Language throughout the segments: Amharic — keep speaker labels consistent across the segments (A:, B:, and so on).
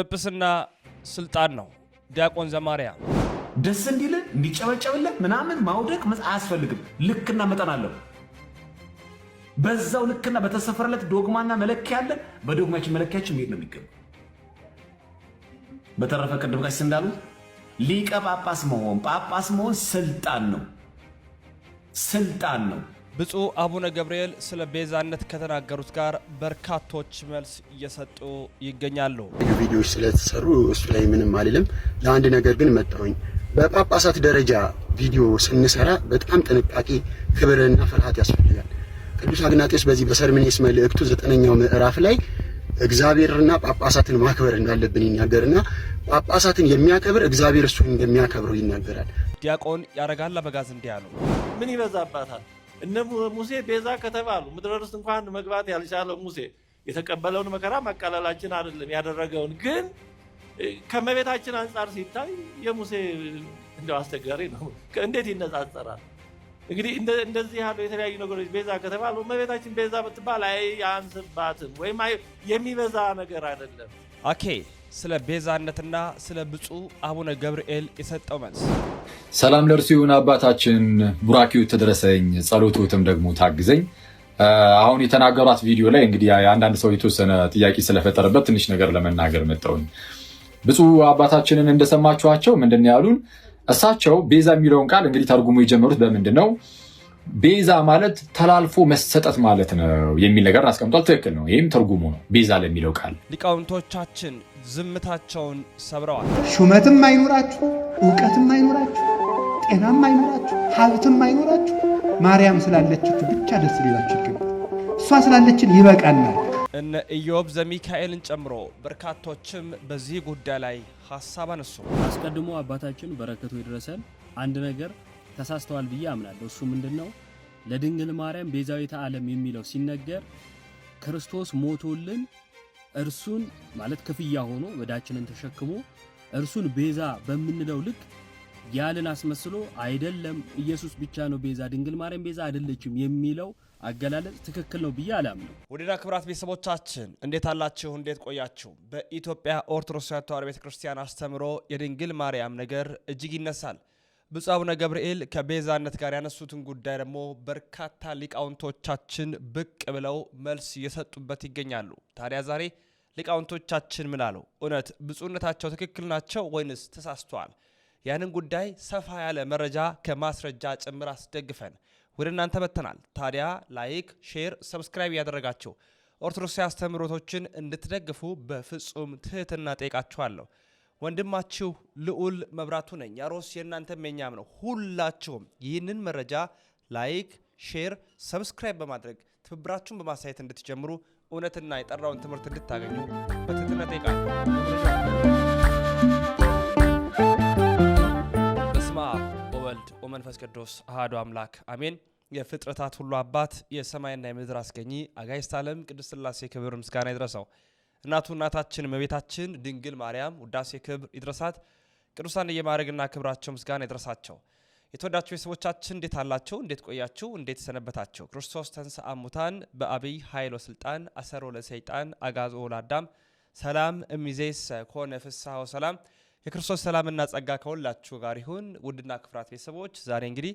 A: ጵጵስና ስልጣን ነው። ዲያቆን ዘማርያም
B: ደስ እንዲል እንዲጨበጨብለት ምናምን ማውደቅ አያስፈልግም። ልክና መጠን አለው። በዛው ልክና በተሰፈረለት ዶግማና መለኪያ አለ። በዶግማችን መለኪያችን መሄድ ነው የሚገባ። በተረፈ ቅድም ቀሲስ እንዳሉት ሊቀ ጳጳስ መሆን ጳጳስ መሆን ስልጣን ነው፣ ስልጣን ነው።
A: ብፁዕ አቡነ ገብርኤል ስለ ቤዛነት ከተናገሩት ጋር በርካቶች መልስ እየሰጡ ይገኛሉ።
B: ቪዲዮዎች ስለተሰሩ እሱ ላይ ምንም አልልም። ለአንድ ነገር ግን መጣሁኝ። በጳጳሳት ደረጃ ቪዲዮ ስንሰራ በጣም ጥንቃቄ፣ ክብርና ፍርሃት ያስፈልጋል። ቅዱስ አግናጤዎስ በዚህ በሰርምኔስ መልእክቱ ዘጠነኛው ምዕራፍ ላይ እግዚአብሔርና ጳጳሳትን ማክበር እንዳለብን ይናገርና ጳጳሳትን የሚያከብር እግዚአብሔር እሱ እንደሚያከብረው ይናገራል።
A: ዲያቆን ያረጋል አበጋዝ እንዲያ ነው
C: ምን ይበዛባታል እነ ሙሴ ቤዛ ከተባሉ ምድረ ርስት እንኳን መግባት ያልቻለው ሙሴ የተቀበለውን መከራ መቀለላችን አይደለም ያደረገውን ግን ከመቤታችን አንጻር ሲታይ የሙሴ እንደው አስቸጋሪ ነው። እንዴት ይነጻጸራል? እንግዲህ እንደዚህ ያለው የተለያዩ ነገሮች ቤዛ ከተባሉ እመቤታችን ቤዛ ብትባል አይ ወይም የሚበዛ ነገር አይደለም።
A: ኦኬ ስለ ቤዛነትና ስለ ብፁዕ አቡነ ገብርኤል የሰጠው መልስ
D: ሰላም ለእርሱ ይሁን። አባታችን ቡራኪው ተደረሰኝ፣ ጸሎትዎትም ደግሞ ታግዘኝ። አሁን የተናገሯት ቪዲዮ ላይ እንግዲህ አንዳንድ ሰው የተወሰነ ጥያቄ ስለፈጠረበት ትንሽ ነገር ለመናገር መጣሁኝ። ብፁዕ አባታችንን እንደሰማችኋቸው ምንድን ያሉን እሳቸው ቤዛ የሚለውን ቃል እንግዲህ ተርጉሞ የጀመሩት በምንድን ነው? ቤዛ ማለት ተላልፎ መሰጠት ማለት ነው የሚል ነገር አስቀምጧል። ትክክል ነው። ይህም ትርጉሙ ነው ቤዛ ለሚለው ቃል
A: ሊቃውንቶቻችን ዝምታቸውን ሰብረዋል።
B: ሹመትም አይኖራችሁ፣ እውቀትም አይኖራችሁ፣ ጤናም አይኖራችሁ፣ ሀብትም አይኖራችሁ፣ ማርያም ስላለችሁ ብቻ ደስ ሊላችሁ ይገባል። እሷ ስላለችን ይበቃናል።
A: እነ ኢዮብ ዘሚካኤልን ጨምሮ በርካቶችም በዚህ ጉዳይ ላይ ሀሳብ አነሱ። አስቀድሞ አባታችን በረከቱ ይድረሰን አንድ ነገር ተሳስተዋል ብዬ አምናለሁ። እሱ ምንድን ነው? ለድንግል ማርያም ቤዛዊተ ዓለም የሚለው ሲነገር ክርስቶስ ሞቶልን እርሱን ማለት ክፍያ ሆኖ ወዳችንን ተሸክሞ እርሱን ቤዛ በምንለው ልክ ያልን አስመስሎ አይደለም ኢየሱስ ብቻ ነው ቤዛ፣ ድንግል ማርያም ቤዛ አይደለችም የሚለው አገላለጽ ትክክል ነው ብዬ አላምነው። ውድና ክብራት ቤተሰቦቻችን እንዴት አላችሁ? እንዴት ቆያችሁ? በኢትዮጵያ ኦርቶዶክስ ተዋሕዶ ቤተክርስቲያን አስተምሮ የድንግል ማርያም ነገር እጅግ ይነሳል። ብፁዕ አቡነ ገብርኤል ከቤዛነት ጋር ያነሱትን ጉዳይ ደግሞ በርካታ ሊቃውንቶቻችን ብቅ ብለው መልስ እየሰጡበት ይገኛሉ። ታዲያ ዛሬ ሊቃውንቶቻችን ምን አሉ? እውነት ብፁዕነታቸው ትክክል ናቸው ወይንስ ተሳስተዋል? ያንን ጉዳይ ሰፋ ያለ መረጃ ከማስረጃ ጭምር አስደግፈን ወደ እናንተ መጥተናል። ታዲያ ላይክ፣ ሼር፣ ሰብስክራይብ እያደረጋቸው ኦርቶዶክስ አስተምህሮቶችን እንድትደግፉ በፍጹም ትህትና ጠይቃችኋለሁ። ወንድማችሁ ልዑል መብራቱ ነኝ። ያሮስ የእናንተም የኛም ነው። ሁላችሁም ይህንን መረጃ ላይክ፣ ሼር፣ ሰብስክራይብ በማድረግ ትብብራችሁን በማሳየት እንድትጀምሩ እውነትና የጠራውን ትምህርት እንድታገኙ በትህትና ጠይቃለሁ። በስመ አብ ወወልድ ወመንፈስ ቅዱስ አሐዱ አምላክ አሜን። የፍጥረታት ሁሉ አባት የሰማይና የምድር አስገኚ አጋዕዝተ ዓለም ቅድስት ሥላሴ ክብር ምስጋና ይድረሰው። እናቱ እናታችን እመቤታችን ድንግል ማርያም ውዳሴ ክብር ይድረሳት። ቅዱሳን እየማድረግና ክብራቸው ምስጋና ይድረሳቸው። የተወዳችሁ ቤተሰቦቻችን እንዴት አላችሁ? እንዴት ቆያችሁ? እንዴት ሰነበታችሁ? ክርስቶስ ተንሥአ እሙታን በአብይ ኃይል ወስልጣን አሰሮ ለሰይጣን አጋዞ ለአዳም ሰላም እሚዜስ ኮነ ፍስሐ ሰላም። የክርስቶስ ሰላምና ጸጋ ከሁላችሁ ጋር ይሁን። ውድና ክፍራት ቤተሰቦች ዛሬ እንግዲህ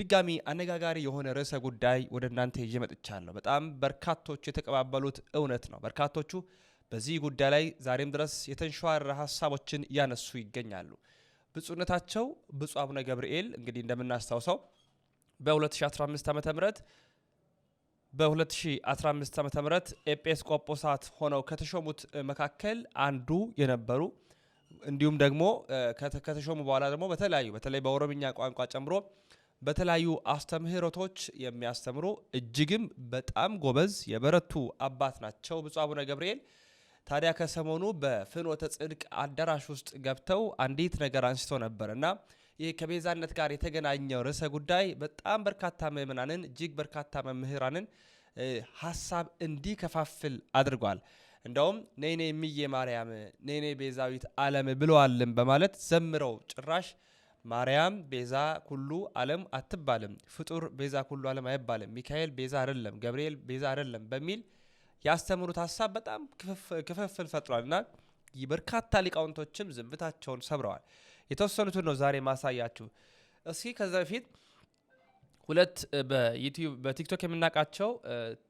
A: ድጋሚ አነጋጋሪ የሆነ ርዕሰ ጉዳይ ወደ እናንተ ይዤ መጥቻለሁ። በጣም በርካቶቹ የተቀባበሉት እውነት ነው። በርካቶቹ በዚህ ጉዳይ ላይ ዛሬም ድረስ የተንሸዋረ ሀሳቦችን እያነሱ ይገኛሉ። ብፁዕነታቸው ብፁዕ አቡነ ገብርኤል እንግዲህ እንደምናስታውሰው በ2015 ዓ ም በ2015 ዓ ም ኤጲስቆጶሳት ሆነው ከተሾሙት መካከል አንዱ የነበሩ እንዲሁም ደግሞ ከተሾሙ በኋላ ደግሞ በተለያዩ በተለይ በኦሮምኛ ቋንቋ ጨምሮ በተለያዩ አስተምህሮቶች የሚያስተምሩ እጅግም በጣም ጎበዝ የበረቱ አባት ናቸው ብፁዕ አቡነ ገብርኤል። ታዲያ ከሰሞኑ በፍኖተ ጽድቅ አዳራሽ ውስጥ ገብተው አንዲት ነገር አንስቶ ነበር እና ይህ ከቤዛነት ጋር የተገናኘው ርዕሰ ጉዳይ በጣም በርካታ ምዕመናንን እጅግ በርካታ መምህራንን ሀሳብ እንዲከፋፍል አድርጓል። እንደውም ኔኔ ምዬ ማርያም ኔኔ ቤዛዊት ዓለም ብለዋልም በማለት ዘምረው ጭራሽ ማርያም ቤዛ ኩሉ ዓለም አትባልም፣ ፍጡር ቤዛ ኩሉ ዓለም አይባልም፣ ሚካኤል ቤዛ አይደለም፣ ገብርኤል ቤዛ አይደለም በሚል ያስተምሩት ሀሳብ በጣም ክፍፍል ፈጥሯል እና በርካታ ሊቃውንቶችም ዝምታቸውን ሰብረዋል። የተወሰኑትን ነው ዛሬ ማሳያችሁ። እስኪ ከዛ በፊት ሁለት በቲክቶክ የምናውቃቸው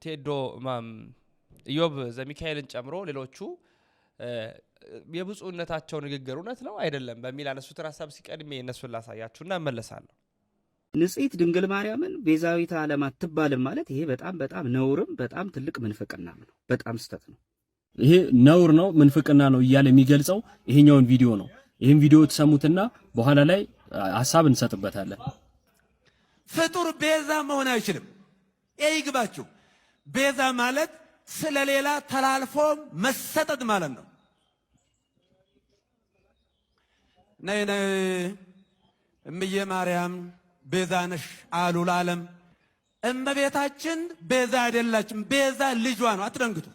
A: ቴዶ ኢዮብ ዘሚካኤልን ጨምሮ ሌሎቹ የብፁዕነታቸው ንግግር እውነት ነው አይደለም በሚል አነሱትን ሀሳብ ሲቀድሜ እነሱን ላሳያችሁ እና እመለሳለሁ።
B: ንጽሕት ድንግል ማርያምን ቤዛዊተ ዓለም አትባልም ማለት ይሄ በጣም በጣም ነውርም በጣም ትልቅ ምንፍቅናም ነው። በጣም ስተት ነው። ይሄ ነውር ነው፣ ምንፍቅና ነው እያለ የሚገልጸው ይሄኛውን ቪዲዮ ነው። ይህን ቪዲዮ ትሰሙትና በኋላ ላይ ሀሳብ እንሰጥበታለን። ፍጡር ቤዛ መሆን አይችልም። ይህ ይግባችሁ። ቤዛ ማለት ስለሌላ ተላልፎ መሰጠት ማለት ነው። ነይ ነይ እምዬ ማርያም ቤዛነሽ አሉ ለዓለም። እመቤታችን ቤዛ አይደላችም፣ ቤዛ ልጇ ነው። አትደንግጡ።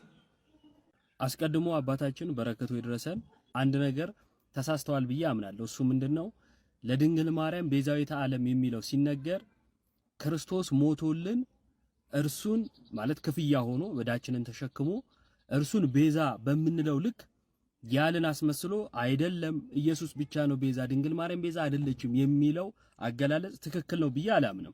A: አስቀድሞ አባታችን በረከቱ ይድረሰን አንድ ነገር ተሳስተዋል ብዬ አምናለሁ። እሱ ምንድነው ለድንግል ማርያም ቤዛዊተ ዓለም የሚለው ሲነገር ክርስቶስ ሞቶልን እርሱን ማለት ክፍያ ሆኖ ወዳችንን ተሸክሞ እርሱን ቤዛ በምንለው ልክ ያልን አስመስሎ አይደለም ኢየሱስ ብቻ ነው ቤዛ፣ ድንግል ማርያም ቤዛ አይደለችም የሚለው አገላለጽ ትክክል ነው ብዬ አላምንም።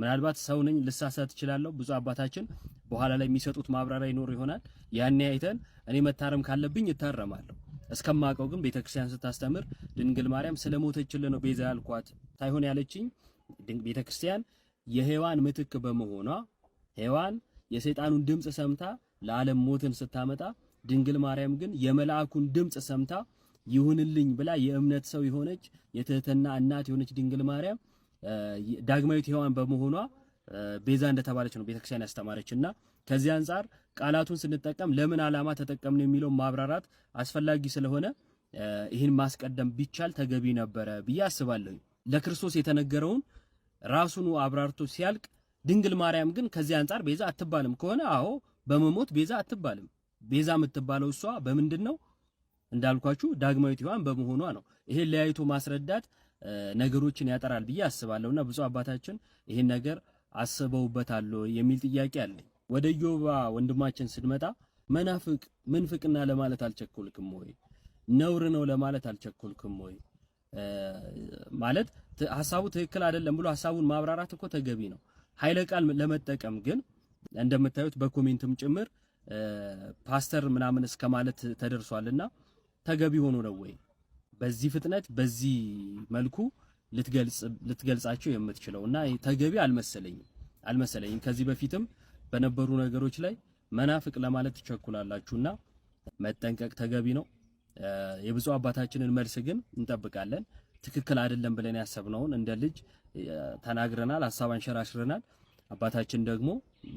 A: ምናልባት ሰው ነኝ ልሳሳት እችላለሁ። ብዙ አባታችን በኋላ ላይ የሚሰጡት ማብራሪያ ይኖር ይሆናል። ያኔ አይተን እኔ መታረም ካለብኝ እታረማለሁ። እስከማውቀው ግን ቤተክርስቲያን ስታስተምር ድንግል ማርያም ስለሞተችልን ነው ቤዛ ያልኳት ሳይሆን ያለችኝ ቤተክርስቲያን የሔዋን ምትክ በመሆኗ ሔዋን የሰይጣኑን ድምፅ ሰምታ ለዓለም ሞትን ስታመጣ ድንግል ማርያም ግን የመልአኩን ድምፅ ሰምታ ይሁንልኝ ብላ የእምነት ሰው የሆነች የትህትና እናት የሆነች ድንግል ማርያም ዳግማዊት ሔዋን በመሆኗ ቤዛ እንደተባለች ነው ቤተክርስቲያን ያስተማረች እና ከዚህ አንጻር ቃላቱን ስንጠቀም ለምን ዓላማ ተጠቀምን የሚለው ማብራራት አስፈላጊ ስለሆነ ይህን ማስቀደም ቢቻል ተገቢ ነበረ ብዬ አስባለሁ። ለክርስቶስ የተነገረውን ራሱን አብራርቶ ሲያልቅ ድንግል ማርያም ግን ከዚህ አንጻር ቤዛ አትባልም ከሆነ አዎ በመሞት ቤዛ አትባልም። ቤዛ የምትባለው እሷ በምንድን ነው እንዳልኳችሁ ዳግማዊት ሔዋን በመሆኗ ነው። ይሄን ለያይቶ ማስረዳት ነገሮችን ያጠራል ብዬ አስባለሁና ብፁዕ አባታችን ይሄን ነገር አስበውበታል የሚል ጥያቄ አለኝ። ወደ ኢዮባ ወንድማችን ስንመጣ መናፍቅ ምንፍቅና ለማለት አልቸኮልክም ወይ? ነውር ነው ለማለት አልቸኮልክም ወይ? ማለት ሀሳቡ ትክክል አይደለም ብሎ ሀሳቡን ማብራራት እኮ ተገቢ ነው። ኃይለ ቃል ለመጠቀም ግን እንደምታዩት በኮሜንትም ጭምር ፓስተር ምናምን እስከ ማለት ተደርሷልና ተገቢ ሆኖ ነው ወይ በዚህ ፍጥነት በዚህ መልኩ ልትገልጻቸው የምትችለው? እና ተገቢ አልመሰለኝም አልመሰለኝም። ከዚህ በፊትም በነበሩ ነገሮች ላይ መናፍቅ ለማለት ትቸኩላላችሁና መጠንቀቅ ተገቢ ነው። የብፁዕ አባታችንን መልስ ግን እንጠብቃለን። ትክክል አይደለም ብለን ያሰብነውን እንደ ልጅ ተናግረናል፣ ሀሳብ አንሸራሽረናል። አባታችን ደግሞ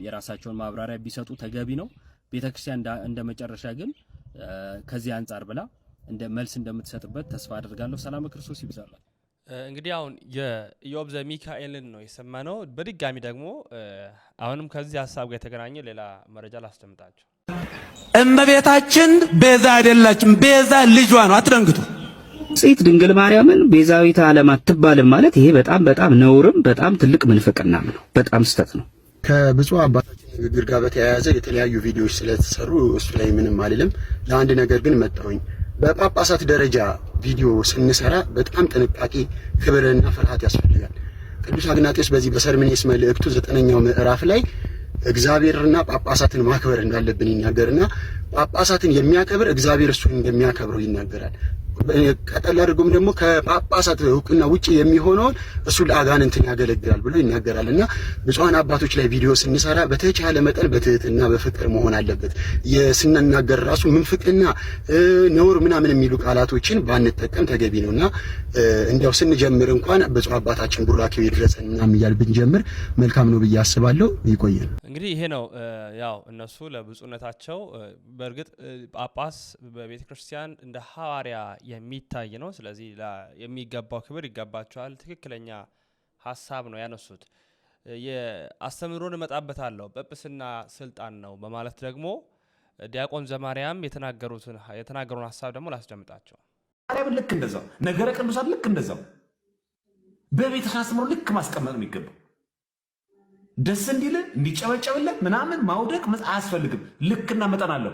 A: የራሳቸውን ማብራሪያ ቢሰጡ ተገቢ ነው። ቤተክርስቲያን እንደ መጨረሻ ግን ከዚህ አንጻር ብላ እንደ መልስ እንደምትሰጥበት ተስፋ አድርጋለሁ። ሰላም ክርስቶስ ይብዛላል። እንግዲህ አሁን የኢዮብ ሚካኤልን ነው የሰማነው። በድጋሚ ደግሞ አሁንም ከዚህ ሀሳብ ጋር የተገናኘ ሌላ መረጃ ላስደምጣቸው።
B: እመቤታችን ቤዛ አይደላችም፣ ቤዛ ልጇ ነው። አትደንግጡ። ሴት ድንግል ማርያምን ቤዛዊት ዓለም አትባልም ማለት ይሄ በጣም በጣም ነውርም በጣም ትልቅ ምንፍቅናም ነው፣ በጣም ስተት ነው። ከብፁዕ አባት ከንግግር ጋር በተያያዘ የተለያዩ ቪዲዮዎች ስለተሰሩ እሱ ላይ ምንም አልልም። ለአንድ ነገር ግን መጣሁኝ። በጳጳሳት ደረጃ ቪዲዮ ስንሰራ በጣም ጥንቃቄ ክብርና ፍርሃት ያስፈልጋል። ቅዱስ አግናጢዎስ በዚህ በሰርምኔስ መልእክቱ ዘጠነኛው ምዕራፍ ላይ እግዚአብሔርና ጳጳሳትን ማክበር እንዳለብን ይናገርና ጳጳሳትን የሚያከብር እግዚአብሔር እሱን እንደሚያከብረው ይናገራል። ቀጠል አድርጎም ደግሞ ከጳጳሳት እውቅና ውጭ የሚሆነውን እሱ ለአጋንንትን ያገለግላል ብሎ ይናገራል። እና ብፁዓን አባቶች ላይ ቪዲዮ ስንሰራ በተቻለ መጠን በትህትና በፍቅር መሆን አለበት። ስንናገር ራሱ ምንፍቅና፣ ነውር ምናምን የሚሉ ቃላቶችን ባንጠቀም ተገቢ ነው እና እንዲያው ስንጀምር እንኳን ብፁዕ አባታችን ቡራኬው ይድረሰን ምናምን እያል ብንጀምር መልካም ነው ብዬ አስባለሁ። ይቆየን።
A: እንግዲህ ይሄ ነው ያው እነሱ ለብፁዕነታቸው በእርግጥ ጳጳስ በቤተክርስቲያን እንደ ሐዋርያ የሚታይ ነው። ስለዚህ የሚገባው ክብር ይገባቸዋል። ትክክለኛ ሀሳብ ነው ያነሱት። የአስተምሮን እመጣበታለሁ ጵጵስና ስልጣን ነው በማለት ደግሞ ዲያቆን ዘማርያም የተናገሩን ሀሳብ ደግሞ ላስደምጣቸው።
B: ማርያም ልክ እንደዛው ነገረ ቅዱሳት ልክ እንደዛው በቤተ አስተምሮ ልክ ማስቀመጥ ነው የሚገባው። ደስ እንዲልን እንዲጨበጨብለት ምናምን ማውደቅ አያስፈልግም። ልክና መጠን አለው።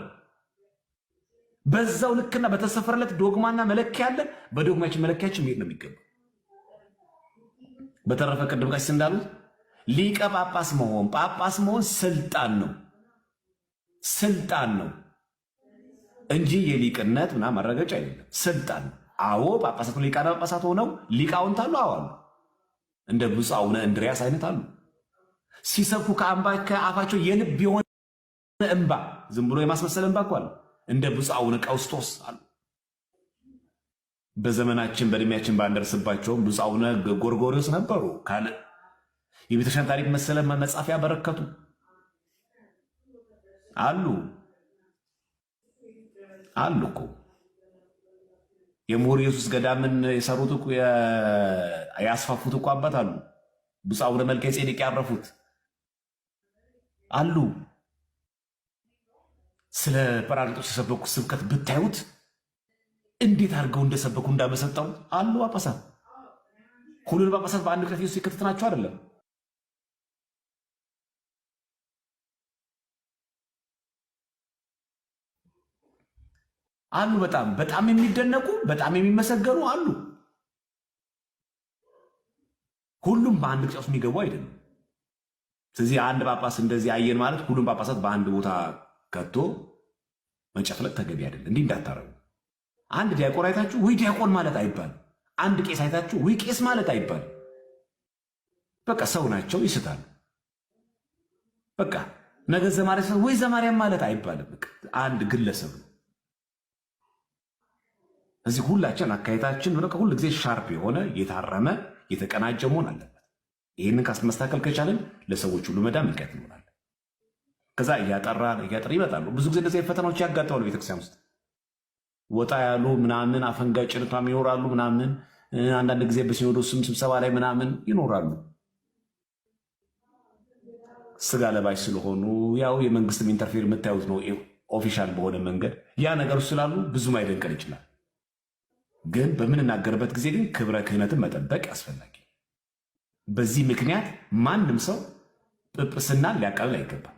B: በዛው ልክና በተሰፈረለት ዶግማና መለኪያ አለ። በዶግማችን መለኪያችን መሄድ ነው የሚገባ። በተረፈ ቅድም ጋሽ እንዳሉት ሊቀ ጳጳስ መሆን ጳጳስ መሆን ስልጣን ነው ስልጣን ነው እንጂ የሊቅነት ምና ማረጋገጫ አይደለም። ስልጣን አዎ፣ ጳጳሳቱ ሊቃነ ጳጳሳት ሆነው ሊቃውንት አሉ። አዎ አሉ። እንደ ብፁዕ አቡነ እንድሪያስ አይነት አሉ። ሲሰብኩ ከአንባ ከአፋቸው የልብ የሆነ እንባ ዝም ብሎ የማስመሰል እንባ እኮ አለ። እንደ ብፁዕ አቡነ ቀውስጦስ አሉ። በዘመናችን በእድሜያችን ባንደርስባቸውም ብፁዕ አቡነ ነበሩ። ካለ የቤተክርስቲያን ታሪክ መሰለ መጻፍ ያበረከቱ አሉ አሉ እኮ የምሁር ኢየሱስ ገዳምን የሰሩት ያስፋፉት እኮ አባት አሉ። ብፁዕ አቡነ መልከ ጼዴቅ ያረፉት አሉ። ስለ ጰራቅሊጦስ የሰበኩት ስብከት ብታዩት እንዴት አድርገው እንደሰበኩ እንዳመሰጠው አሉ ጳጳሳት። ሁሉን ጳጳሳት በአንድ ቅረት ኢየሱስ የከተት ናቸው አይደለም። አሉ በጣም በጣም የሚደነቁ በጣም የሚመሰገኑ አሉ። ሁሉም በአንድ ቅርጫ ውስጥ የሚገቡ አይደለም። ስለዚህ አንድ ጳጳስ እንደዚህ አየን ማለት ሁሉም ጳጳሳት በአንድ ቦታ ከቶ መጨፍለቅ ተገቢ አይደለም። እንዲህ እንዳታረጉ። አንድ ዲያቆን አይታችሁ ውይ ዲያቆን ማለት አይባልም። አንድ ቄስ አይታችሁ ውይ ቄስ ማለት አይባልም። በቃ ሰው ናቸው፣ ይስታሉ። በቃ ነገ ዘማሪ ወይ ዘማሪያም ማለት አይባልም። አንድ ግለሰብ ነው። እዚህ ሁላችን አካሄታችን ሆነ ከሁል ጊዜ ሻርፕ የሆነ የታረመ የተቀናጀ መሆን አለበት። ይህንን ካስመስተካከል ከቻለን ለሰዎች ሁሉ መዳም እንቀት እንሆናለን። ከዛ እያጠራ እያጠራ ይመጣሉ። ብዙ ጊዜ እንደዚህ ፈተናዎች ያጋጥማሉ። ቤተክርስቲያን ውስጥ ወጣ ያሉ ምናምን አፈንጋጭ ጭንቷም ይኖራሉ ምናምን አንዳንድ ጊዜ በሲኖዶስም ስብሰባ ላይ ምናምን ይኖራሉ። ስጋ ለባሽ ስለሆኑ ያው የመንግስትም ኢንተርፌር የምታዩት ነው። ኦፊሻል በሆነ መንገድ ያ ነገር ስላሉ ብዙም አይደንቀን ይችላል። ግን በምንናገርበት ጊዜ ግን ክብረ ክህነትን መጠበቅ አስፈላጊ። በዚህ ምክንያት ማንም ሰው ጵጵስናን ሊያቀልል አይገባም።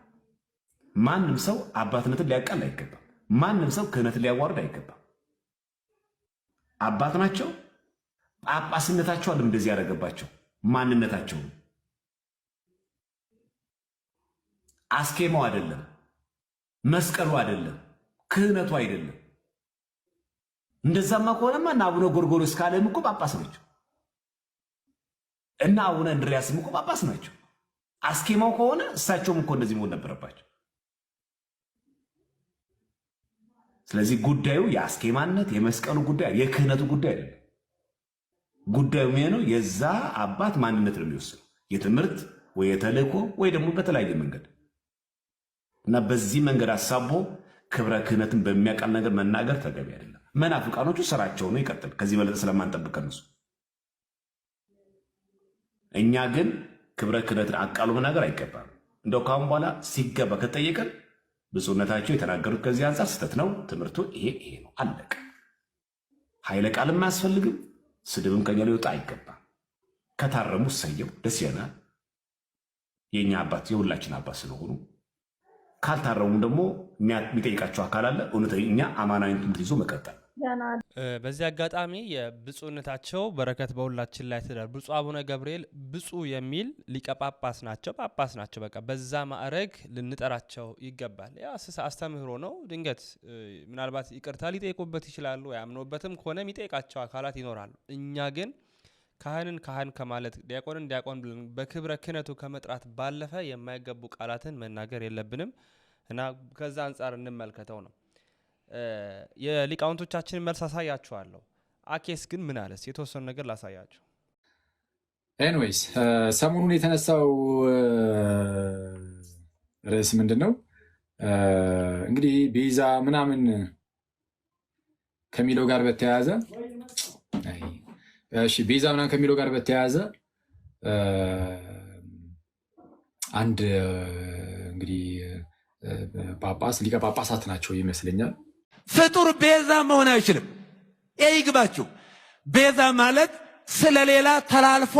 B: ማንም ሰው አባትነትን ሊያቃል አይገባም። ማንም ሰው ክህነትን ሊያዋርድ አይገባም። አባት ናቸው። ጳጳስነታቸው አለም እንደዚህ ያደረገባቸው ማንነታቸው አስኬማው አይደለም፣ መስቀሉ አይደለም፣ ክህነቱ አይደለም። እንደዛማ ከሆነማ እና አቡነ ጎርጎርዮስ ካለም እኮ ጳጳስ ናቸው እና አቡነ እንድሪያስም እኮ ጳጳስ ናቸው። አስኬማው ከሆነ እሳቸውም እኮ እንደዚህ መሆን ነበረባቸው። ስለዚህ ጉዳዩ የአስኬማነት የመስቀሉ ጉዳይ የክህነቱ ጉዳይ አይደለም። ጉዳዩ የሚሆነው የዛ አባት ማንነት ነው የሚወስነው የትምህርት ወይ የተልእኮ ወይ ደግሞ በተለያየ መንገድ እና በዚህ መንገድ አሳቦ ክብረ ክህነትን በሚያቀል ነገር መናገር ተገቢ አይደለም። መናፍቃኖቹ ስራቸው ነው ይቀጥል። ከዚህ በለጠ ስለማንጠብቅ እነሱ እኛ ግን ክብረ ክህነትን አቃሉ መናገር አይገባም። እንደው ካሁን በኋላ ሲገባ ከተጠየቀን ብፁዕነታቸው የተናገሩት ከዚህ አንጻር ስህተት ነው። ትምህርቱ ይሄ ይሄ ነው። አለቀ። ኃይለ ቃልም አያስፈልግም። ስድብም ከኛ ሊወጣ አይገባም። ከታረሙ ሰየው ደስ ይለናል። የእኛ አባት የሁላችን አባት ስለሆኑ ካልታረሙም ደግሞ የሚጠይቃቸው አካል አለ። እውነተኛ ትምህርት ይዞ መቀጠል
A: በዚህ አጋጣሚ የብፁዕነታቸው በረከት በሁላችን ላይ ትደር። ብፁዕ አቡነ ገብርኤል ብፁዕ የሚል ሊቀ ጳጳስ ናቸው፣ ጳጳስ ናቸው። በቃ በዛ ማዕረግ ልንጠራቸው ይገባል። አስተምህሮ ነው። ድንገት ምናልባት ይቅርታ ሊጠይቁበት ይችላሉ። ያምኖበትም ከሆነ የሚጠይቃቸው አካላት ይኖራሉ። እኛ ግን ካህንን ካህን ከማለት ዲያቆንን ዲያቆን ብለን በክብረ ክህነቱ ከመጥራት ባለፈ የማይገቡ ቃላትን መናገር የለብንም እና ከዛ አንጻር እንመልከተው ነው። የሊቃውንቶቻችንን መልስ አሳያችኋለሁ። አኬስ ግን ምን አለስ? የተወሰኑ ነገር ላሳያችሁ።
D: ኤንዌይስ ሰሞኑን የተነሳው ርዕስ ምንድን ነው እንግዲህ ቤዛ ምናምን ከሚለው ጋር በተያያዘ ቤዛ ምናምን ከሚለው ጋር በተያያዘ አንድ እንግዲህ ጳጳስ ሊቀ ጳጳሳት ናቸው ይመስለኛል
B: ፍጡር ቤዛ መሆን አይችልም። ይግባችሁ። ቤዛ ማለት ስለሌላ ተላልፎ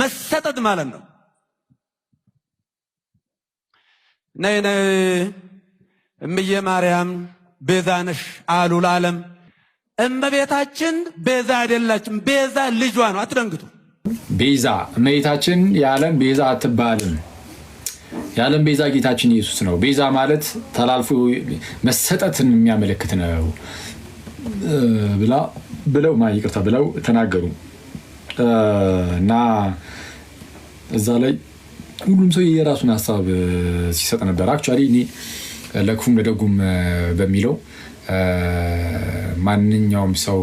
B: መሰጠት ማለት ነው። ነይ ነይ ማርያም ቤዛ ነሽ አሉ ለዓለም። እመቤታችን ቤዛ አይደላችም። ቤዛ ልጇ ነው። አትደንግቱ። ቤዛ እመቤታችን የዓለም ቤዛ አትባልም። የዓለም ቤዛ ጌታችን ኢየሱስ ነው። ቤዛ ማለት ተላልፎ መሰጠትን የሚያመለክት ነው ብላ ብለው ይቅርታ ብለው ተናገሩ እና እዛ ላይ ሁሉም ሰው የራሱን ሀሳብ ሲሰጥ ነበር። አክቹዋሊ እኔ ለክፉም ለደጉም በሚለው ማንኛውም ሰው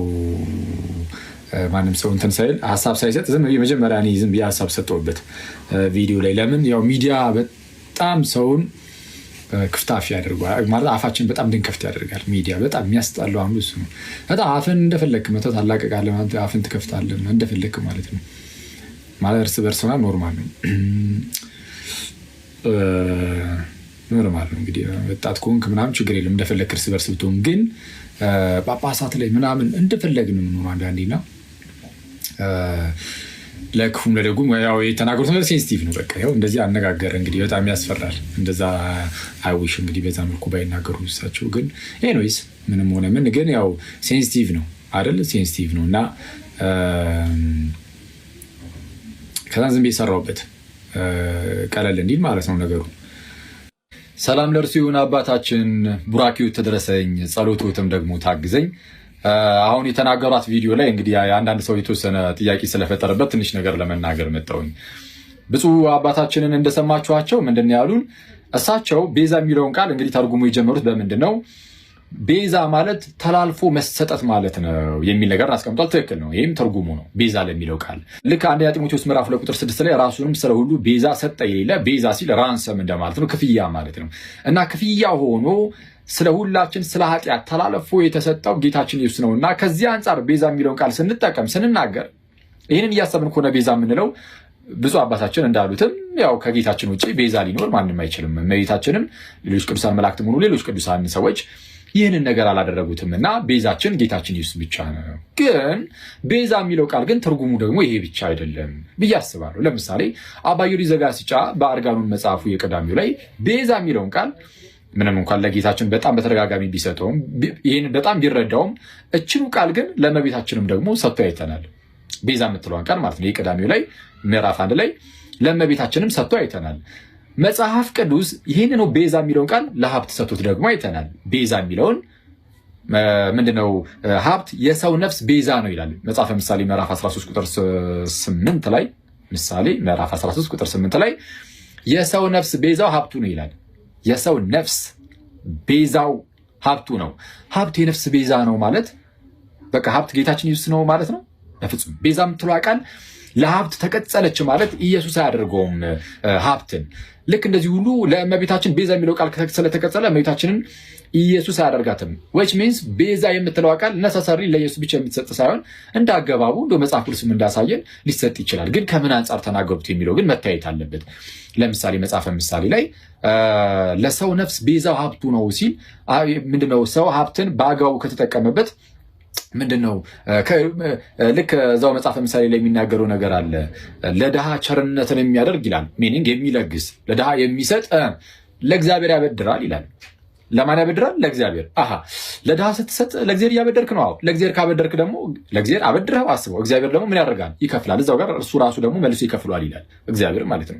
B: ማንም ሰው እንትን ሳይል ሀሳብ ሳይሰጥ ዝም የመጀመሪያ እኔ ዝም ብዬ ሀሳብ ሰጠሁበት ቪዲዮ ላይ። ለምን ያው ሚዲያ በጣም ሰውን ክፍታፍ ያደርጓል ማለት አፋችን በጣም ድንከፍት ያደርጋል። ሚዲያ በጣም የሚያስጣለው አንዱ እሱ ነው። በጣም አፍን እንደፈለግክ መተህ ታላቀቃለህ፣ አፍን ትከፍታለ እንደፈለግክ ማለት ነው። ማለት እርስ በርሰና ኖርማል ነው ኖርማል ነው እንግዲህ ወጣት ከሆንክ ምናምን ችግር የለም እንደፈለግክ እርስ በርስ ብትሆን፣ ግን ጳጳሳት ላይ ምናምን እንደፈለግ ነው ምኖር አንዳንዴና ለክፉም ለደጉም ያው የተናገሩት ነገር ሴንስቲቭ ነው። በቃ ያው እንደዚህ አነጋገር እንግዲህ በጣም ያስፈራል። እንደዛ አይዊሽ እንግዲህ በዛ መልኩ ባይናገሩ ሳቸው ግን ኤኒዌይስ ምንም ሆነ ምን ግን ያው ሴንስቲቭ ነው አይደል? ሴንስቲቭ ነው እና ከዛ ዝም ብዬ ቀለል እንዲል ማለት ነው ነገሩ።
D: ሰላም ለእርሱ ይሁን አባታችን ቡራኪው ትድረሰኝ ጸሎቶትም ደግሞ ታግዘኝ አሁን የተናገሯት ቪዲዮ ላይ እንግዲህ አንዳንድ ሰው የተወሰነ ጥያቄ ስለፈጠረበት ትንሽ ነገር ለመናገር መጣውኝ። ብፁዕ አባታችንን እንደሰማችኋቸው ምንድን ያሉን? እሳቸው ቤዛ የሚለውን ቃል እንግዲህ ተርጉሞ የጀመሩት በምንድን ነው? ቤዛ ማለት ተላልፎ መሰጠት ማለት ነው የሚል ነገር አስቀምጧል። ትክክል ነው። ይህም ትርጉሙ ነው ቤዛ ለሚለው ቃል። ልክ አንደኛ ጢሞቴዎስ ምዕራፍ ለቁጥር ቁጥር ስድስት ላይ ራሱንም ስለ ሁሉ ቤዛ ሰጠ የሌለ ቤዛ ሲል ራንሰም እንደማለት ነው፣ ክፍያ ማለት ነው እና ክፍያ ሆኖ ስለ ሁላችን ስለ ኃጢአት ተላለፎ የተሰጠው ጌታችን ኢየሱስ ነው እና ከዚህ አንጻር ቤዛ የሚለውን ቃል ስንጠቀም ስንናገር ይህንን እያሰብን ከሆነ ቤዛ የምንለው ብዙ አባታችን እንዳሉትም ያው ከጌታችን ውጭ ቤዛ ሊኖር ማንም አይችልም። መቤታችንም ሌሎች ቅዱሳን መላእክትም ሆኑ ሌሎች ቅዱሳን ሰዎች ይህንን ነገር አላደረጉትም እና ቤዛችን ጌታችን ኢየሱስ ብቻ ነው። ግን ቤዛ የሚለው ቃል ግን ትርጉሙ ደግሞ ይሄ ብቻ አይደለም ብዬ አስባለሁ። ለምሳሌ አባ ዮሪ ዘጋስጫ በአርጋኑን መጽሐፉ የቀዳሚው ላይ ቤዛ የሚለውን ቃል ምንም እንኳን ለጌታችን በጣም በተደጋጋሚ ቢሰጠውም ይህን በጣም ቢረዳውም እችኑ ቃል ግን ለመቤታችንም ደግሞ ሰጥቶ አይተናል። ቤዛ የምትለዋን ቃል ማለት ነው። ቅዳሜው ላይ ምዕራፍ አንድ ላይ ለመቤታችንም ሰጥቶ አይተናል። መጽሐፍ ቅዱስ ይህንኑ ቤዛ የሚለውን ቃል ለሀብት ሰቱት ደግሞ አይተናል። ቤዛ የሚለውን ምንድነው? ሀብት የሰው ነፍስ ቤዛ ነው ይላል መጽሐፈ ምሳሌ ምዕራፍ 13 ቁጥር 8 ላይ ምሳሌ ምዕራፍ 13 ቁጥር 8 ላይ የሰው ነፍስ ቤዛው ሀብቱ ነው ይላል። የሰው ነፍስ ቤዛው ሀብቱ ነው። ሀብት የነፍስ ቤዛ ነው ማለት በቃ ሀብት ጌታችን ኢየሱስ ነው ማለት ነው? በፍጹም ቤዛ የምትለዋ ቃል ለሀብት ተቀጸለች ማለት ኢየሱስ አያደርገውም ሀብትን ልክ እንደዚህ ሁሉ ለእመቤታችን ቤዛ የሚለው ቃል ስለተቀጸለ እመቤታችንን ኢየሱስ አያደርጋትም። ዊች ሚንስ ቤዛ የምትለው ቃል ነሰሰሪ ለኢየሱስ ብቻ የምትሰጥ ሳይሆን እንደ አገባቡ እንደ መጽሐፍ ቅዱስም እንዳሳየን ሊሰጥ ይችላል። ግን ከምን አንጻር ተናገሩት የሚለው ግን መታየት አለበት። ለምሳሌ መጽሐፈ ምሳሌ ላይ ለሰው ነፍስ ቤዛው ሀብቱ ነው ሲል ምንድነው ሰው ሀብትን በአግባቡ ከተጠቀመበት ምንድን ነው ልክ እዛው መጽሐፈ ምሳሌ ላይ የሚናገረው ነገር አለ። ለድሃ ቸርነትን የሚያደርግ ይላል፣ ሚኒንግ የሚለግስ ለድሃ የሚሰጥ ለእግዚአብሔር ያበድራል ይላል። ለማን ያበድራል? ለእግዚአብሔር። አሃ ለድሃ ስትሰጥ ለእግዚአብሔር እያበደርክ ነው። ለእግዚአብሔር ካበደርክ ደግሞ ለእግዚአብሔር አበድረው አስበው፣ እግዚአብሔር ደግሞ ምን ያደርጋል? ይከፍላል። እዛው ጋር እሱ ራሱ ደግሞ መልሶ ይከፍሏል ይላል፣ እግዚአብሔር ማለት ነው።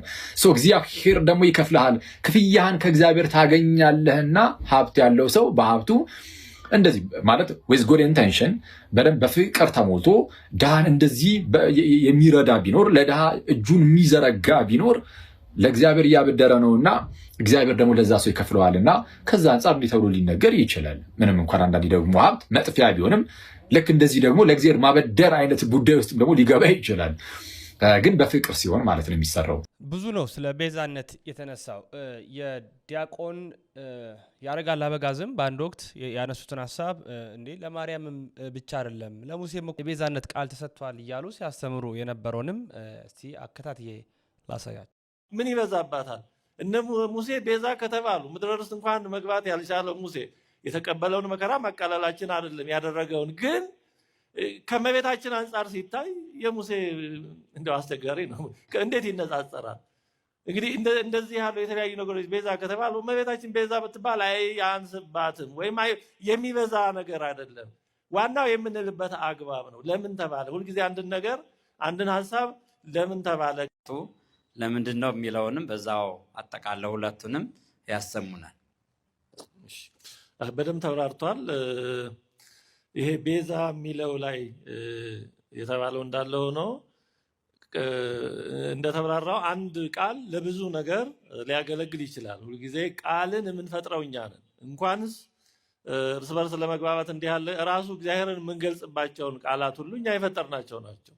D: እግዚአብሔር ደግሞ ይከፍልሃል፣ ክፍያህን ከእግዚአብሔር ታገኛለህና ሀብት ያለው ሰው በሀብቱ እንደዚህ ማለት ዊዝ ጉድ ኢንቴንሽን በደንብ በፍቅር ተሞልቶ ድሃን እንደዚህ የሚረዳ ቢኖር ለድሃ እጁን የሚዘረጋ ቢኖር ለእግዚአብሔር እያበደረ እና እግዚአብሔር ደግሞ ለዛ ሰው እና ከዛ አንጻር እንዲህ ተብሎ ሊነገር ይችላል። ምንም እንኳን አንዳንድ ደግሞ ሀብት መጥፊያ ቢሆንም ልክ እንደዚህ ደግሞ ለእግዚአብሔር ማበደር አይነት ጉዳይ ውስጥ ደግሞ ሊገባ ይችላል። ግን በፍቅር ሲሆን ማለት ነው የሚሰራው።
A: ብዙ ነው ስለ ቤዛነት የተነሳው። የዲያቆን ያረጋል አበጋዝም በአንድ ወቅት ያነሱትን ሀሳብ እንዴ ለማርያምም ብቻ አይደለም ለሙሴም የቤዛነት ቃል ተሰጥቷል እያሉ ሲያስተምሩ የነበረውንም እስቲ አከታትዬ ላሳያቸው።
C: ምን ይበዛባታል? እነ ሙሴ ቤዛ ከተባሉ ምድረ ርስት እንኳን መግባት ያልቻለው ሙሴ የተቀበለውን መከራ ማቃለላችን አይደለም ያደረገውን ግን ከመቤታችን አንጻር ሲታይ የሙሴ እንደው አስቸጋሪ ነው። እንዴት ይነጻጸራል? እንግዲህ እንደዚህ ያሉ የተለያዩ ነገሮች ቤዛ ከተባሉ መቤታችን ቤዛ ብትባል አይ አንስባትም፣ ወይም የሚበዛ ነገር አይደለም። ዋናው የምንልበት አግባብ ነው። ለምን ተባለ? ሁልጊዜ አንድን ነገር አንድን ሀሳብ ለምን ተባለ፣
A: ለምንድን ነው የሚለውንም በዛው አጠቃለው ሁለቱንም ያሰሙናል። በደንብ ተብራርቷል። ይሄ ቤዛ የሚለው ላይ የተባለው እንዳለ ሆኖ እንደተብራራው አንድ ቃል ለብዙ ነገር ሊያገለግል ይችላል። ሁልጊዜ ቃልን የምንፈጥረው እኛ ነን። እንኳንስ እርስ በርስ ለመግባባት እንዲህ ያለ ራሱ እግዚአብሔርን የምንገልጽባቸውን ቃላት ሁሉ እኛ የፈጠርናቸው ናቸው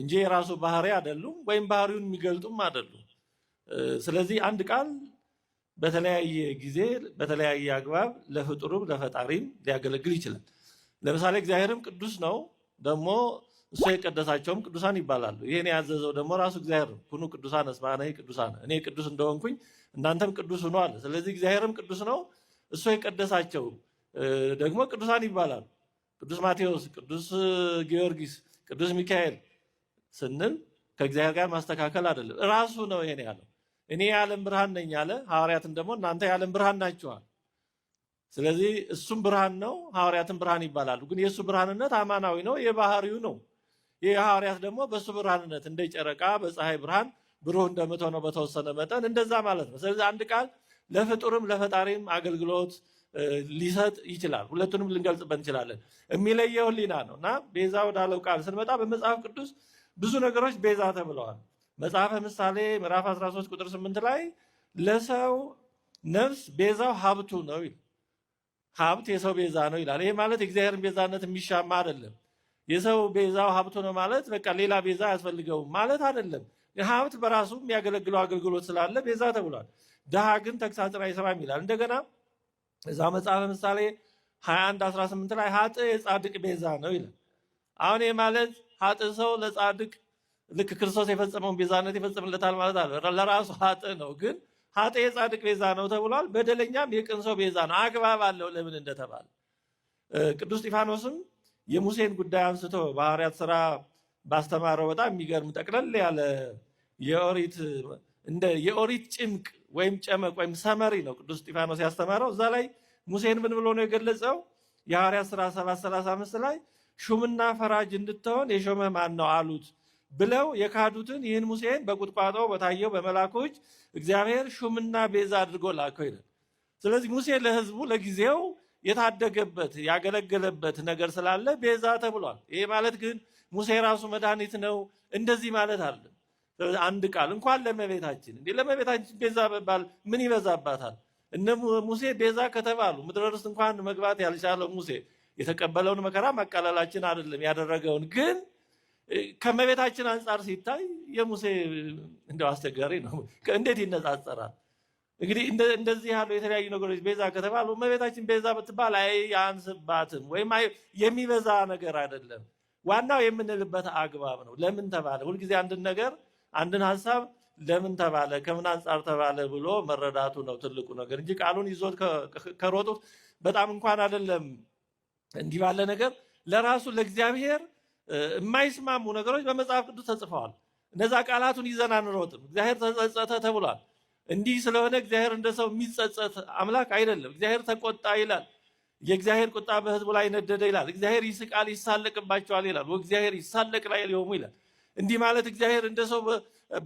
A: እንጂ የራሱ ባህሪ አይደሉም፣ ወይም ባህሪውን የሚገልጡም አይደሉም። ስለዚህ አንድ ቃል በተለያየ ጊዜ በተለያየ አግባብ ለፍጡሩም ለፈጣሪም ሊያገለግል ይችላል። ለምሳሌ እግዚአብሔርም ቅዱስ ነው ደግሞ እሱ የቀደሳቸውም ቅዱሳን ይባላሉ። ይህን ያዘዘው ደግሞ ራሱ እግዚአብሔር ነው። ቅዱሳን እስማነ ቅዱሳን እኔ ቅዱስ እንደሆንኩኝ እናንተም ቅዱስ ሁኑ አለ። ስለዚህ እግዚአብሔርም ቅዱስ ነው፣ እሱ የቀደሳቸው ደግሞ ቅዱሳን ይባላሉ። ቅዱስ ማቴዎስ፣ ቅዱስ ጊዮርጊስ፣ ቅዱስ ሚካኤል ስንል ከእግዚአብሔር ጋር ማስተካከል አይደለም፣ ራሱ ነው ይሄን ያለው። እኔ የዓለም ብርሃን ነኝ ያለ ሐዋርያትን ደግሞ እናንተ የዓለም ብርሃን ናችኋል ስለዚህ እሱም ብርሃን ነው፣ ሐዋርያትም ብርሃን ይባላሉ። ግን የእሱ ብርሃንነት አማናዊ ነው፣ የባህሪው ነው። የሐዋርያት ደግሞ በእሱ ብርሃንነት እንደ ጨረቃ በፀሐይ ብርሃን ብሩህ እንደምትሆነው በተወሰነ መጠን እንደዛ ማለት ነው። ስለዚህ አንድ ቃል ለፍጡርም ለፈጣሪም አገልግሎት ሊሰጥ ይችላል። ሁለቱንም ልንገልጽበት እንችላለን። የሚለየው ሕሊና ነው እና ቤዛ ወዳለው ቃል ስንመጣ በመጽሐፍ ቅዱስ ብዙ ነገሮች ቤዛ ተብለዋል። መጽሐፈ ምሳሌ ምዕራፍ 13 ቁጥር 8 ላይ ለሰው ነፍስ ቤዛው ሀብቱ ነው ይል ሀብት የሰው ቤዛ ነው ይላል። ይሄ ማለት እግዚአብሔርን ቤዛነት የሚሻማ አይደለም። የሰው ቤዛው ሀብቱ ነው ማለት በቃ ሌላ ቤዛ አያስፈልገውም ማለት አይደለም። ሀብት በራሱ የሚያገለግለው አገልግሎት ስላለ ቤዛ ተብሏል። ድሃ ግን ተግሳጽን አይሰማም ይላል። እንደገና እዛ መጽሐፈ ምሳሌ 21 18 ላይ ሀጥ የጻድቅ ቤዛ ነው ይላል። አሁን ይህ ማለት ሀጥ ሰው ለጻድቅ ልክ ክርስቶስ የፈጸመውን ቤዛነት ይፈጽምለታል ማለት አለ። ለራሱ ሀጥ ነው ግን ሀጤ የጻድቅ ቤዛ ነው ተብሏል። በደለኛም የቅን ሰው ቤዛ ነው። አግባብ አለው ለምን እንደተባለ። ቅዱስ እስጢፋኖስም የሙሴን ጉዳይ አንስቶ በሐዋርያት ስራ ባስተማረው በጣም የሚገርም ጠቅለል ያለ የኦሪት እንደ የኦሪት ጭምቅ ወይም ጨመቅ ወይም ሰመሪ ነው ቅዱስ እስጢፋኖስ ያስተማረው። እዛ ላይ ሙሴን ምን ብሎ ነው የገለጸው? የሐዋርያት ስራ 735 ላይ ሹምና ፈራጅ እንድትሆን የሾመ ማን ነው አሉት ብለው የካዱትን ይህን ሙሴን በቁጥቋጦ በታየው በመላኮች እጅ እግዚአብሔር ሹምና ቤዛ አድርጎ ላከው ይላል። ስለዚህ ሙሴ ለህዝቡ ለጊዜው የታደገበት ያገለገለበት ነገር ስላለ ቤዛ ተብሏል። ይሄ ማለት ግን ሙሴ ራሱ መድኃኒት ነው እንደዚህ ማለት አለ። አንድ ቃል እንኳን ለመቤታችን እንዴ ለመቤታችን ቤዛ በባል ምን ይበዛባታል? እነ ሙሴ ቤዛ ከተባሉ ምድረ ርስት እንኳን መግባት ያልቻለው ሙሴ የተቀበለውን መከራ ማቃለላችን አይደለም ያደረገውን ግን ከመቤታችን አንጻር ሲታይ የሙሴ እንደው አስቸጋሪ ነው። እንዴት ይነጻጸራል? እንግዲህ እንደዚህ ያሉ የተለያዩ ነገሮች ቤዛ ከተባሉ እመቤታችን ቤዛ ብትባል አይ አንስባትም፣ ወይም የሚበዛ ነገር አይደለም። ዋናው የምንልበት አግባብ ነው። ለምን ተባለ? ሁልጊዜ አንድን ነገር አንድን ሀሳብ ለምን ተባለ፣ ከምን አንጻር ተባለ ብሎ መረዳቱ ነው ትልቁ ነገር እንጂ ቃሉን ይዞት ከሮጡት በጣም እንኳን አይደለም እንዲህ ባለ ነገር ለራሱ ለእግዚአብሔር የማይስማሙ ነገሮች በመጽሐፍ ቅዱስ ተጽፈዋል። እነዛ ቃላቱን ይዘን አንሮጥም። እግዚአብሔር ተጸጸተ ተብሏል። እንዲህ ስለሆነ እግዚአብሔር እንደ ሰው የሚጸጸት አምላክ አይደለም። እግዚአብሔር ተቆጣ ይላል። የእግዚአብሔር ቁጣ በሕዝቡ ላይ ነደደ ይላል። እግዚአብሔር ይስቃል ይሳለቅባቸዋል ይላል። ወእግዚአብሔር ይሳለቅ ላይ ሊሆሙ ይላል። እንዲህ ማለት እግዚአብሔር እንደ ሰው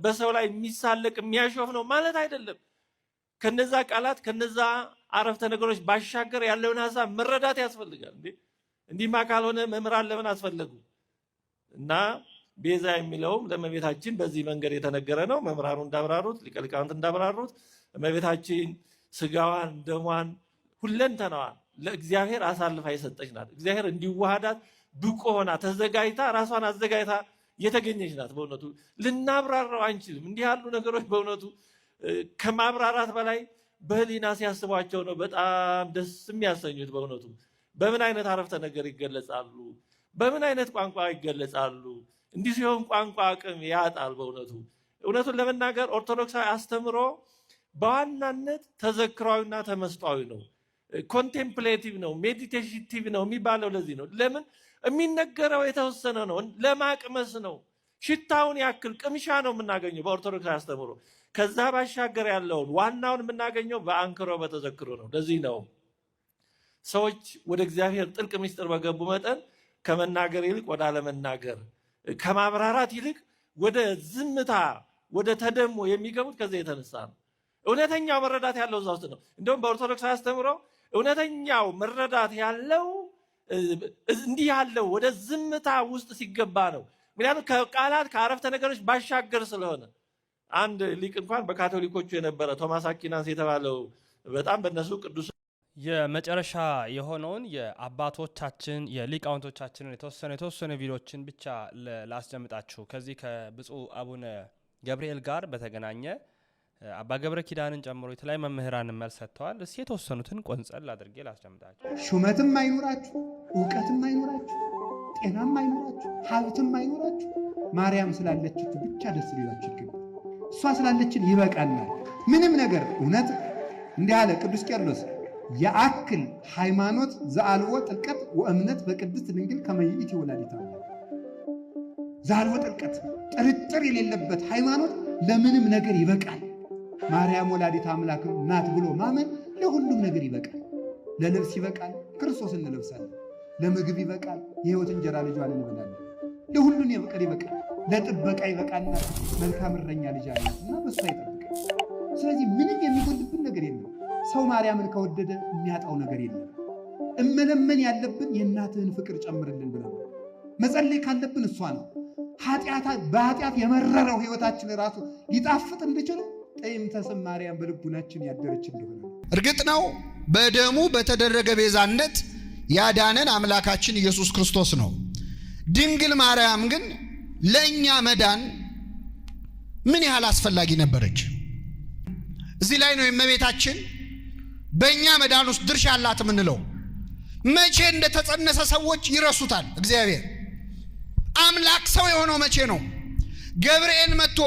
A: በሰው ላይ የሚሳለቅ የሚያሾፍ ነው ማለት አይደለም። ከነዛ ቃላት ከነዛ አረፍተ ነገሮች ባሻገር ያለውን ሀሳብ መረዳት ያስፈልጋል። እንዲህማ ካልሆነ መምህራን ለምን አስፈለጉ? እና ቤዛ የሚለውም ለእመቤታችን በዚህ መንገድ የተነገረ ነው። መምህራኑ እንዳብራሩት፣ ሊቀ ሊቃውንት እንዳብራሩት እመቤታችን ስጋዋን፣ ደሟን፣ ሁለንተናዋን ለእግዚአብሔር አሳልፋ የሰጠች ናት። እግዚአብሔር እንዲዋሃዳት ብቆ ሆና ተዘጋጅታ ራሷን አዘጋጅታ የተገኘች ናት። በእውነቱ ልናብራራው አንችልም። እንዲህ ያሉ ነገሮች በእውነቱ ከማብራራት በላይ በህሊና ሲያስቧቸው ነው በጣም ደስ የሚያሰኙት። በእውነቱ በምን አይነት አረፍተ ነገር ይገለጻሉ? በምን አይነት ቋንቋ ይገለጻሉ? እንዲህ ሲሆን ቋንቋ አቅም ያጣል። በእውነቱ እውነቱን ለመናገር ኦርቶዶክሳዊ አስተምሮ በዋናነት ተዘክሯዊና ተመስጧዊ ነው። ኮንቴምፕሌቲቭ ነው፣ ሜዲቴቲቭ ነው የሚባለው ለዚህ ነው። ለምን የሚነገረው የተወሰነ ነው፣ ለማቅመስ ነው። ሽታውን ያክል ቅምሻ ነው የምናገኘው በኦርቶዶክስ አስተምሮ። ከዛ ባሻገር ያለውን ዋናውን የምናገኘው በአንክሮ በተዘክሮ ነው። ለዚህ ነው ሰዎች ወደ እግዚአብሔር ጥልቅ ምስጢር በገቡ መጠን ከመናገር ይልቅ ወደ አለመናገር፣ ከማብራራት ይልቅ ወደ ዝምታ፣ ወደ ተደሞ የሚገቡት ከዚህ የተነሳ ነው። እውነተኛው መረዳት ያለው እዛ ውስጥ ነው። እንደውም በኦርቶዶክስ አስተምሮ እውነተኛው መረዳት ያለው እንዲህ ያለው ወደ ዝምታ ውስጥ ሲገባ ነው። ምክንያቱም ከቃላት ከአረፍተ ነገሮች ባሻገር ስለሆነ አንድ ሊቅ እንኳን በካቶሊኮቹ የነበረ ቶማስ አኪናንስ የተባለው በጣም በእነሱ ቅዱስ የመጨረሻ የሆነውን የአባቶቻችን የሊቃውንቶቻችንን የተወሰነ የተወሰነ ቪዲዮችን ብቻ ላስደምጣችሁ። ከዚህ ከብፁዕ አቡነ ገብርኤል ጋር በተገናኘ አባ ገብረ ኪዳንን ጨምሮ የተለያዩ መምህራንን መልስ ሰጥተዋል። እስ የተወሰኑትን ቆንጸል አድርጌ ላስደምጣችሁ። ሹመትም አይኖራችሁ፣ እውቀትም አይኖራችሁ፣ ጤናም አይኖራችሁ፣ ሀብትም አይኖራችሁ፣ ማርያም ስላለችቱ ብቻ ደስ ሊላችሁ ይገባል። እሷ ስላለችን ይበቃናል። ምንም ነገር እውነት እንዲህ አለ ቅዱስ ቄርሎስ የአክል ሃይማኖት ዘአልዎ ጥልቀት ወእምነት በቅድስት ድንግል ከመይት ይወላዲታ ዘአልዎ ጥልቀት ጥርጥር የሌለበት ሃይማኖት ለምንም ነገር ይበቃል። ማርያም ወላዲት አምላክ ናት ብሎ ማመን ለሁሉም ነገር ይበቃል። ለልብስ ይበቃል፣ ክርስቶስ እንለብሳለን። ለምግብ ይበቃል፣ የህይወት እንጀራ ልጇን እንበላለን። ለሁሉን የፍቅር ይበቃል፣ ለጥበቃ ይበቃልና መልካም እረኛ ልጅ አለ እና በሱ ይጠብቃል። ስለዚህ ምንም የሚጎልብን ነገር የለም። ሰው ማርያምን ከወደደ የሚያጣው ነገር የለም። እመለመን ያለብን የእናትህን ፍቅር ጨምርልን ብለን መጸለይ ካለብን እሷ ነው። በኃጢአት የመረረው ህይወታችን ራሱ ሊጣፍጥ እንድችሉ ጥዕምተ ስም ማርያም በልቡናችን ያደረች እንደሆነ እርግጥ ነው። በደሙ በተደረገ ቤዛነት ያዳነን አምላካችን ኢየሱስ ክርስቶስ ነው። ድንግል ማርያም ግን ለእኛ መዳን ምን ያህል አስፈላጊ ነበረች? እዚህ ላይ ነው የእመቤታችን በእኛ መዳን ውስጥ ድርሻ አላት የምንለው መቼ እንደተጸነሰ ሰዎች ይረሱታል። እግዚአብሔር አምላክ ሰው የሆነው መቼ ነው? ገብርኤል መጥቶ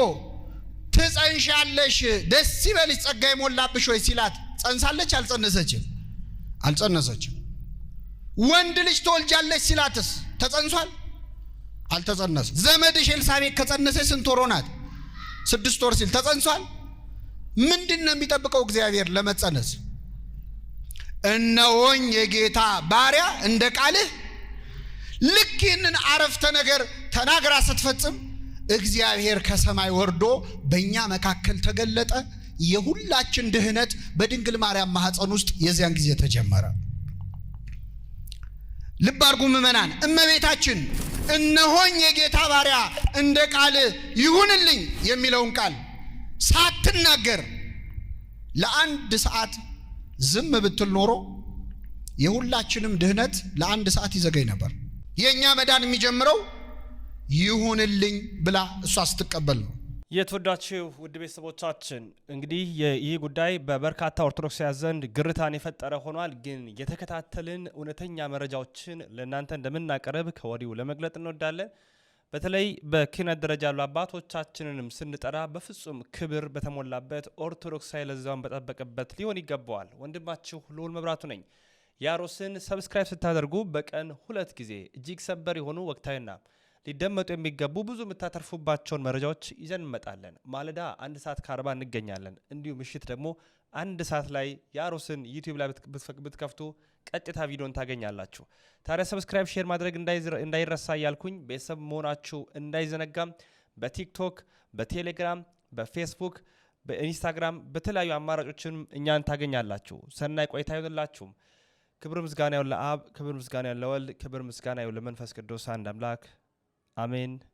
A: ትጸንሻለሽ፣ ደስ ይበልሽ፣ ጸጋ የሞላብሽ ወይ ሲላት ጸንሳለች? አልጸነሰችም? አልጸነሰችም። ወንድ ልጅ ትወልጃለች ሲላትስ ተጸንሷል? አልተጸነሰም። ዘመድሽ ኤልሳቤጥ ከጸነሰች ስንት ወር ሆናት? ስድስት ወር ሲል ተጸንሷል? ምንድን ነው የሚጠብቀው እግዚአብሔር ለመጸነስ እነሆኝ የጌታ ባሪያ እንደ ቃልህ። ልክ ይህንን አረፍተ ነገር ተናግራ ስትፈጽም እግዚአብሔር ከሰማይ ወርዶ በእኛ መካከል ተገለጠ። የሁላችን ድህነት በድንግል ማርያም ማኅፀን ውስጥ የዚያን ጊዜ ተጀመረ። ልብ አርጉ ምእመናን። እመቤታችን እነሆኝ የጌታ ባሪያ እንደ ቃል ይሁንልኝ የሚለውን ቃል ሳትናገር ለአንድ ሰዓት ዝም ብትል ኖሮ የሁላችንም ድህነት ለአንድ ሰዓት ይዘገይ ነበር። የእኛ መዳን የሚጀምረው ይሁንልኝ ብላ እሷ ስትቀበል ነው። የተወዳችው ውድ ቤተሰቦቻችን እንግዲህ ይህ ጉዳይ በበርካታ ኦርቶዶክሳውያን ዘንድ ግርታን የፈጠረ ሆኗል። ግን የተከታተልን እውነተኛ መረጃዎችን ለእናንተ እንደምናቀርብ ከወዲሁ ለመግለጥ እንወዳለን። በተለይ በክህነት ደረጃ ያሉ አባቶቻችንንም ስንጠራ በፍጹም ክብር በተሞላበት ኦርቶዶክሳዊ ለዛውን በጠበቀበት ሊሆን ይገባዋል። ወንድማችሁ ልዑል መብራቱ ነኝ። ያሮስን ሰብስክራይብ ስታደርጉ በቀን ሁለት ጊዜ እጅግ ሰበር የሆኑ ወቅታዊና ሊደመጡ የሚገቡ ብዙ የምታተርፉባቸውን መረጃዎች ይዘን እንመጣለን። ማለዳ አንድ ሰዓት ከአርባ እንገኛለን። እንዲሁም ምሽት ደግሞ አንድ ሰዓት ላይ ያሮስን ዩቲዩብ ላይ ብትከፍቱ ቀጥታ ቪዲዮን ታገኛላችሁ። ታዲያ ሰብስክራይብ፣ ሼር ማድረግ እንዳይረሳ እያልኩኝ ቤተሰብ መሆናችሁ እንዳይዘነጋም በቲክቶክ፣ በቴሌግራም፣ በፌስቡክ፣ በኢንስታግራም በተለያዩ አማራጮችን እኛን ታገኛላችሁ። ሰናይ ቆይታ ይሆንላችሁም። ክብር ምስጋና ይሁን ለአብ፣ ክብር ምስጋና ይሁን ለወልድ፣ ክብር ምስጋና ይሁን ለመንፈስ ቅዱስ አንድ አምላክ አሜን።